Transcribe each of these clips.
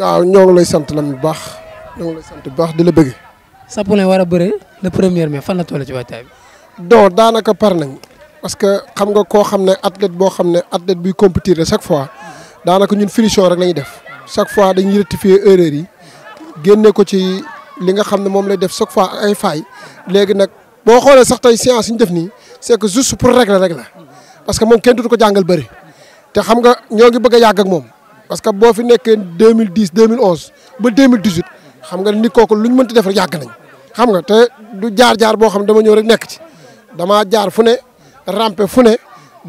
waaw ñoo ngi lay sant lan bu baax ñoo ngi lay sant bu baax di la bëgg. Sapone war a bëre le premier mai fan la toll ci waajtaay bi. donc daanaka par nañ parce que xam nga koo xam ne athlète boo xam ne athlète buy compétir la chaque fois daanaka ñun finition rek la def chaque fois dañuy rectifier erreur yi génne ko ci li nga xam ne moom lay def chaque fois ay failles léegi nag boo xoolee sax tey séance yi ñu def nii c'est que juste pour régler rek la parce que moom kenn dootu ko jàngal bëri te xam nga ñoo ngi bëgg yàgg ak moom. parce que boo fi nekkee deux 2010 2011 ba 2018 xam nga ni kooku luñ mënti def rek yàgg nañ xam nga te du jaar-jaar boo xam ne dama ñëw rek nekk ci damaa jaar fu ne rampe fu ne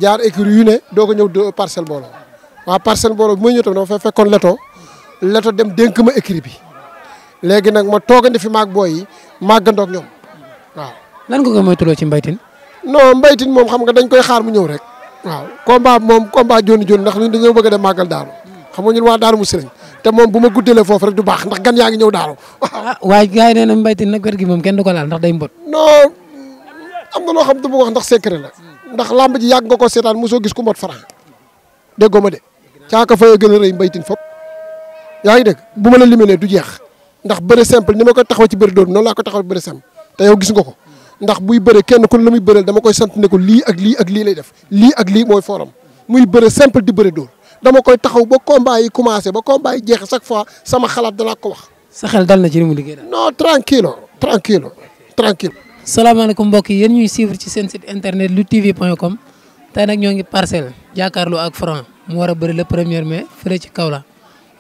jaar écurie yu ne doo ko ñëw de parcelle mbooloo waaw parcelle mbooloo bi ma ñëw tam dama fay fekkoon leto leto dem dénk ma écurie bi léegi nag ma toogandi fi maag booy yi màggandoog ñoom waaw. lan nga ko moytuloo ci mbaytin non mbaytin moom xam nga dañ koy xaar mu ñëw rek. waaw combat moom combat joni joni ndax ñun dañoo bëgg dem màggal daanu. xam nga ñun waa Daaru Muxti lañ te moom bu ma guddalee foofu rek du baax ndax gan yaa ngi ñëw daaru waaw ah, waaye gars yi nee na Mbaye nag wér gi moom kenn du ko laal ndax day mbot non am nga loo xam du ma wax ndax secret la ndax lamb ji yàgg nga ko seetaan mosoo gis ku mbot Franc déggoo ma de caaka fayoo gën a rëy Mbaye fop yaa ngi dégg bu ma la liminee du jeex ndax bëre simple ni ma koy taxaw ci bëri dóor noonu laa ko taxaw ci bëri simple te yow gis nga ko ndax buy bëre kenn ku la muy bëreel dama koy sant ne lii ak lii ak lii lay def lii ak lii mooy forum muy bëre simple di bëre dóor dama koy taxaw ba combat yi commencé ba combat yi jeex chaque fois sama xalaat danaa ko wax. sa xel dal na ci ni mu liggéey daal. non tranquille tranquille tranquille salaamaaleykum mbokk yi yéen ñuy suivre ci seen site internet lu luttetv.com tey nag ñoo ngi parcelle jàkkaarloo ak fran mu war a bëri le premier mai fële ci Kaolack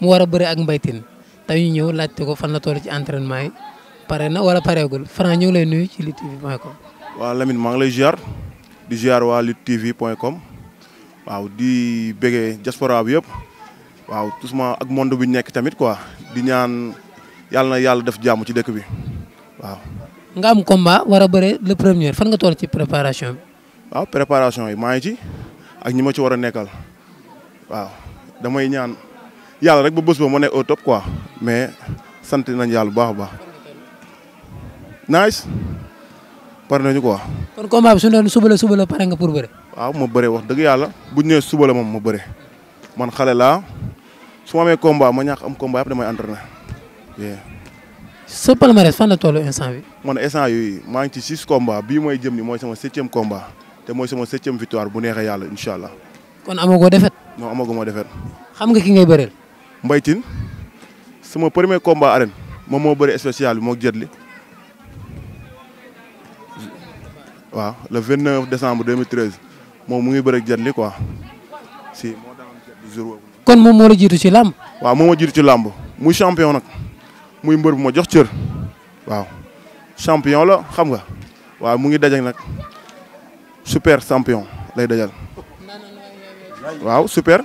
mu war a bëri ak Mbaye Tine tey ñu ñëw laajte ko fan la toll ci entraînement yi pare na wala pareegul Franc ñu ngi lay nuyu ci luttetv.com. waaw Lamine maa ngi lay ziar di ziar waa luttetv.com. waaw di bëggee diaspora bi yëpp waaw tout ak monde bi nekk tamit quoi di ñaan yàlla na yàlla def jàmm ci dëkk bi waaw. nga am combat war a bëre le premier fan nga toll ci préparation bi. waaw préparation yi maa ngi ci ak ñi ma ci war a nekkal waaw damay ñaan yàlla rek ba bés ba ma nekk au top quoi mais sant nañ yàlla bu baax a baax. nice pare nañu quoi. kon combat bi su doon suba pare nga pour bëre. waaw ma bëre wax dëgg yàlla bu ñu nee suba la moom ma bëre man xale laa su ma amee combat ma ñàkk am combat yëpp damay entraîné. sa palmarès fan la tollu instant bi. man instant yooyu maa ngi ci six combat bii mooy jëm ni mooy sama septième komba te mooy sama septième victoire bu neexee yàlla incha allah. kon amagoo defet. non amagu ma defet. xam nga ki ngay bëreel. Mbaye Tine sama premier combat arène moom moo bëri spécial bi moo jëtli waaw le 29 décembre 2013 moom mu ngi bëre ak jet li quoi si moo daan kon moom moo la jiitu ci làmb. waaw moo ma làmb muy champion nag muy mbër bu ma jox cër waaw champion la xam nga waaw mu ngi dajak nag super champion lay dajal waaw super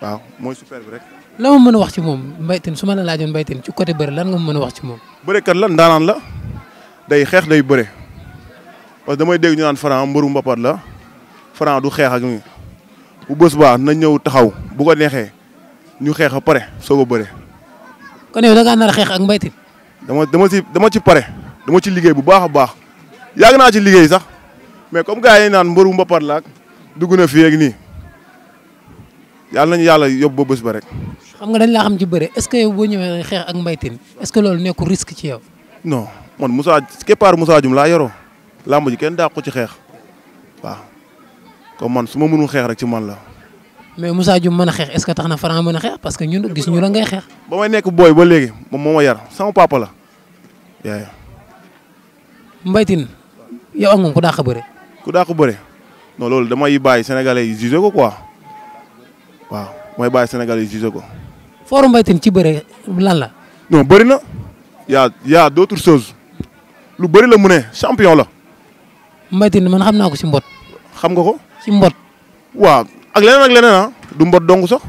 waaw mooy super bi rek. la ma mën a wax ci moom mbaytin suma su ma la laajoon Mbaye ci côté bëre lan nga mën a wax ci moom. bërekat la ndaanaan la day xeex day bëre parce que damay dégg ñu naan Franc mbëru mbapat la. Franc du xeex ak ñun bu bës baax na ñëw taxaw bu ko neexee ñu xeex ba pare soog a bëre. kon yow da ngaa nar xeex ak Mbaye Tine. dama dama ci dama ci pare dama ci liggéey bu baax a baax yàgg naa ci liggéey sax mais comme gars yi naan mbëru mbapat la ak dugg na fii ak nii na nañu yàlla yóbbu ba bës ba rek. xam nga dañ laa xam ci bëre est-ce que yow boo ñëwee xeex ak Mbaye Tine est-ce que loolu nekkul risque ci yow. non man Moussa képpaaru Moussa Dioum laa yoroo làmb ji kenn dàqu ci xeex comme man su ma mënul xeex rek ci man la. mais Moussa Dioum mën a xeex est-ce que tax na Franc mën a xeex parce que ñun gis ñu la ngay xeex. ba may nekk booy ba léegi moom moo ma yar sama papa la. yaay. Mbaye Tine yow ak moom ku dàq loolu damay bàyyi sénégalais yi jugé ko quoi waaw mooy bàyyi sénégalais yi ko. fooru Mbaye ci bëre lan la. non bëri na yaa yaa d'autres lu bëri la mu ne champion la. Mbaye Tine man xam naa ko si mbot. xam nga ko. ci mbot. waaw ak leneen ak leneen ah, du mbot dong sax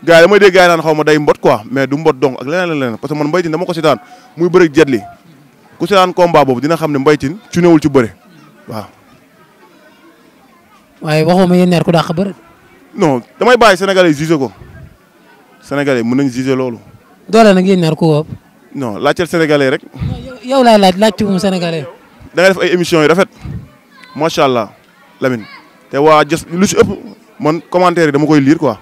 gars yi damay dégg gars yi naan xaw ma day mbot quoi mais du mbot dong ak leneen ak leneen parce que man Mbaye Tine dama ko seetaan muy bëri jet li ku boobu dina xam ne Mbaye Tine ci newul ci bëre waaw. waaye waxoo ma yéen ñaar ku dàq bëre. non damay bàyyi sénégalais jugé ko sénégalais mën nañ jugé loolu. doole nag yéen ñaar ku wóob. non laajteel sénégalais rek. yow laay laaj laajte wu mu def ay émissions yu rafet macha allah Lamine. te waa jos lu si ëpp man commentaire yi dama koy liir quoi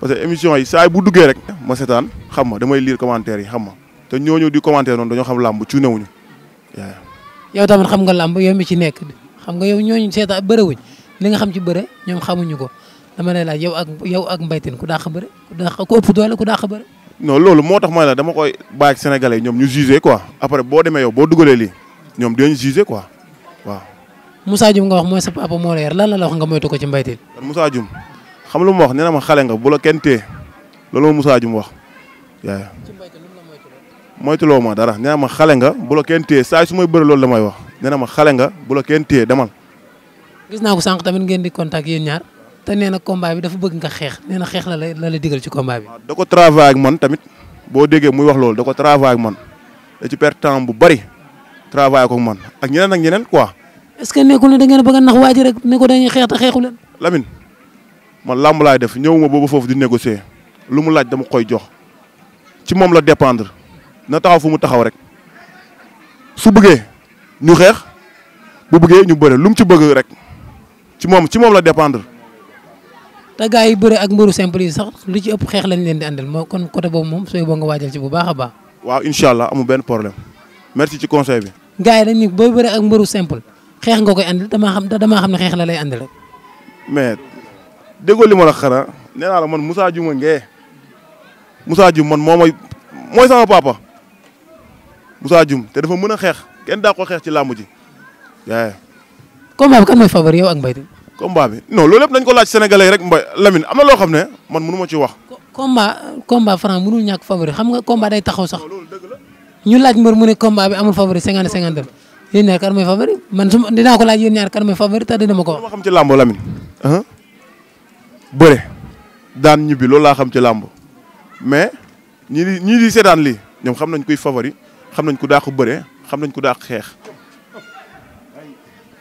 parce que émission yi saa bu duggee rek ma seetaan xam ma damay lire commentaire yi xam ma te ñooñu di commentaire noonu dañoo xam làmb cuunewuñu yow tamit xam nga làmb yow mi ci nekk xam nga yow ñooñu seetaan bërëwuñ li nga xam ci bëre ñoom xamuñu ko dama lay laaj yow ak yow ak mbaytin ku daax a bëre ku daax ku ëpp doole ku daax a bëre non loolu moo tax ma la dama koy bàyyi ak ñoom ñu jugé quoi après boo demee yow boo dugalee lii ñoom dinañ jugé quoi waaw Moussa Dioum nga wax mooy sa papa moo la yar lan la la wax nga moytu ko ci mbaytin Moussa Dioum xam lu ma wax nee na ma xale nga bu la kenn tee loolu moom Moussa Dioum ma xale nga bu saa su may bëri loolu la may wax nee ma xale nga bu la kenn tee demal gis naa ko sanq tamit ngeen di contact yéen ñaar te nee na combat bi dafa bëgg nga xeex nee na xeex la la la digal ci combat bi da ko travail ak man tamit boo déggee muy wax loolu da ko travail ak man da ci perte temps bu bari travail ko man ak ñeneen ak ñeneen quoi est-ce que nekkul ne da ngeen bëgg a nax waa ji rek ne ko dañuy xeex te xeexu leen. Lamine man làmb laay def ñëwuma boobu foofu di négocier lu mu laaj dama koy jox ci moom la dépendre na taxaw fu mu taxaw rek su bëggee ñu xeex bu bëggee ñu bëre lu ci bëgg rek ci moom ci moom la dépendre. te gars yi bëre ak mbëru simple yi sax lu ci ëpp xeex lañ leen di àndal moo kon côté boobu moom sooy boo nga waajal ci bu baax a baax. waaw incha allah amul benn problème merci ci conseil bi. gars yi dañ ni booy bëre ak mbëru simple. xeex nga koy andil damaa xam damaa xam ne xeex la lay andil rek. mais déggoo li ma la xara nee naa la man Moussa Dioum ngee Moussa Dioum man moo mooy mooy sama papa Moussa Dioum te dafa mën a xeex kenn daa ko xeex ci làmb ji yaay. combat bi kan mooy favori yow ak Mbaye Tine. combat bi non loolu lépp dañ ko laaj sénégalais rek Mbaye Lamine am na loo xam ne man mënu ma ci wax. combat combat Franc mënul ñàkk favori xam nga combat day taxaw sax ñu laaj mbër mu ne combat bi amul favori cinquante cinquante yéen ñaar kan mooy favori man su ma dinaa ko laaj yéen ñaar kan mooy favori te dina ma ko wax. ma xam ci làmb Lamine. bëre daan ñibbi loolu laa xam ci làmb mais ñi di ñii di seetaan lii ñoom xam nañ kuy favori xam nañ ku dàq bëre xam nañ ku dàq xeex.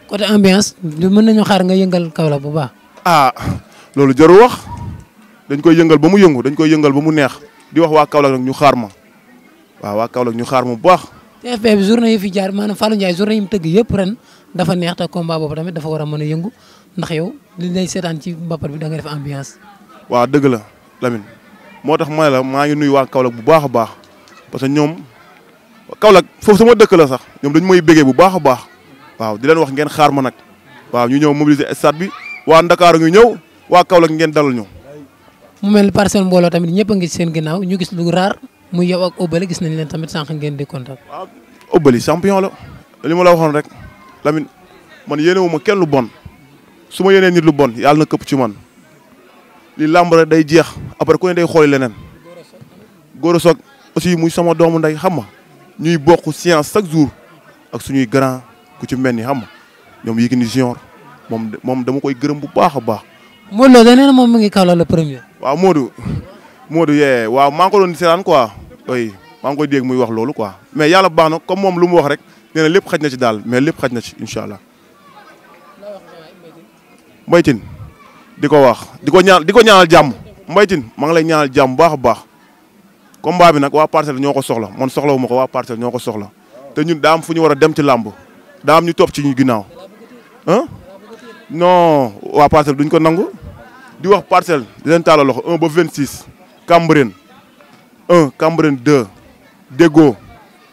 côté ambiance mën nañu xaar nga yëngal Kaolack bu baax. ah loolu jarul wax dañ koy yëngal ba mu yëngu dañ koy yëngal ba mu neex di wax waa Kaolack nag ñu xaar ma waaw waa Kaolack ñu xaar ma baax. TFP bi journée yi fi jaar maanaam Fallou Ndiaye journée mu tëgg yëpp ren dafa neex te combat boobu tamit dafa war a a yëngu ndax yow li lay seetaan ci mbappat bi da nga def ambiance. waaw dëgg la Lamine moo tax ma la maa ngi nuy waa Kaolack bu baax a baax parce que ñoom Kaolack foofu sama dëkk la sax ñoom dañu may béggee bu baax a baax waaw di leen wax ngeen xaar ma nag waaw ñu ñëw mobiliser stade bi waa Ndakaaru ñu ñëw waa Kaolack ngeen dalal ñu. mu mel parcelle muy yow ak Obali gis nañ leen tamit sànq ngeen di contact. waaw Obali champion la li ma la waxoon rek Lamine man yéene wu kenn lu bon su ma yéenee nit lu bon yàlla na këpp ci man li làmb day jeex après ku ne day xooli leneen. Goro Sock aussi muy sama doomu nday xam ma ñuy bokk science chaque jour ak suñuy grand ku ci mel ni xam ma ñoom Yékini Junior moom dama koy gërëm bu baax a baax. Modou Lo da nee moom mu ngi Kaolack le premier. waaw Modou. du yee waaw maa ngi ko doon seetaan quoi oui maa muy wax loolu quoi mais yàlla baax na comme moom lu mu wax rek nee na lépp xaj na daal mais lépp xaj na ci incha allah. Mbaye Tine di ko wax di ko ñaan di ko ñaanal jàmm Mbaye Tine maa ngi lay ñaanal jàmm baax a baax combat bi nag waa parcelle ñoo ko soxla moon soxla wuma ko waa parcelle ñoo ko soxla te ñun daa am fu ñu war a dem ci làmb daa am ñu topp ci ñu ginnaaw ah non waa parcelle duñ ko nangu di wax parcelle di leen tàllal loxo 1 ba 26. Cambérène un Cambérène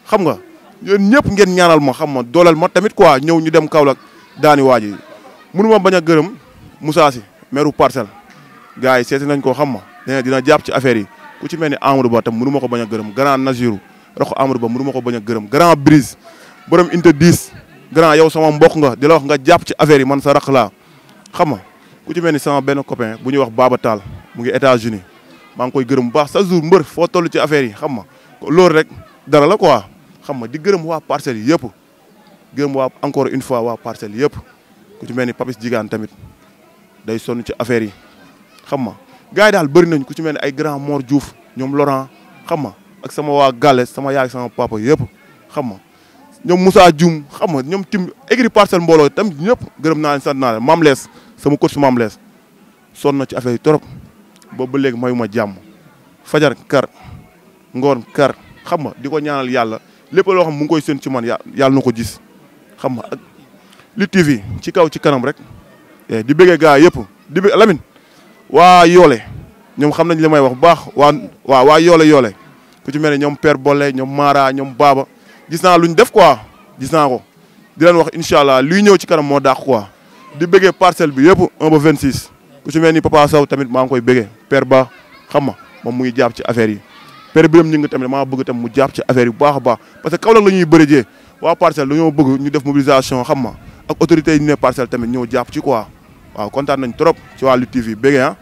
xam nga yéen ñëpp ngeen ñaanal ma xam ma dooleel ma tamit quoi ñëw ñu dem Kaolack daani waaj yi mënu ma bañ a gërëm Moussa Sy maire parcelle gars yi seeti nañ ko xam ma dina jàpp ci affaire yi ku ci mel ni Amadou Ba tam mënu ma ko bañ a gërëm grand Nazirou roxo Amadou Ba mënu ma ko bañ gërëm grand Brise borom inte 10 grand yow sama mbokk nga di la wax nga jàpp ci affaire yi man sa raq laa xam nga ku ci mel ni sama benn copain bu ñuy wax baaba taal mu ngi États-Unis maa ngi koy gërëm bu baax chaque jour mbër foo toll ci affaire yi xam ma loolu rek dara la quoi xam ma di gërëm waa parcelles yi yëpp gërëm waa encore une fois waa parcelles yëpp ku ci mel ni Papis Jigaan tamit day sonn ci affaire yi xam ma gars daal bëri nañ ku ci mel ni ay grand Mor Diouf ñoom Laurent xam ma ak sama waa Gales sama yaay sama papa yëpp xam ma ñoom Moussa Dioum xam nga ñoom tim aigri parcelle mbooloo tam ñëpp gërëm naa leen sant naa leen sama coach Mame Less sonn na ci affaire trop boobu ba léegi mayu ma jàmm fajar kar ngoon kar xam nga di ko ñaanal yàlla lépp loo xam mu ngi koy seen ci man yàlla na ko gis xam nga ak li TV ci kaw ci kanam rek eh, di bëggee gaa yëpp di bëgg waa yoole ñoom xam nañ la may wax bu baax waa waa waa yoole yoole ku ci mel ne ñoom Père Bolle ñoom Mara ñoom baaba gis naa luñ def quoi gis naa ko di leen wax incha allah luy ñëw ci kanam moo dàq quoi di bëggee parcelle bi yëpp 1 ba 26 ku ci mel ni Papa tamit maa ngi koy bëggee père ba xam ma moom muy jàpp ci affaire yi père biram ñu ngi tamit maa bëgg tam mu jàpp ci affaire yi bu baax a baax parce que Kaolack la ñuy bëri waa parcelle lu ñu def mobilisation xam ma yi ne parcelle tamit ñëw jàpp ci quoi waaw kontaan nañ trop ci waa Lutte TV bégg ah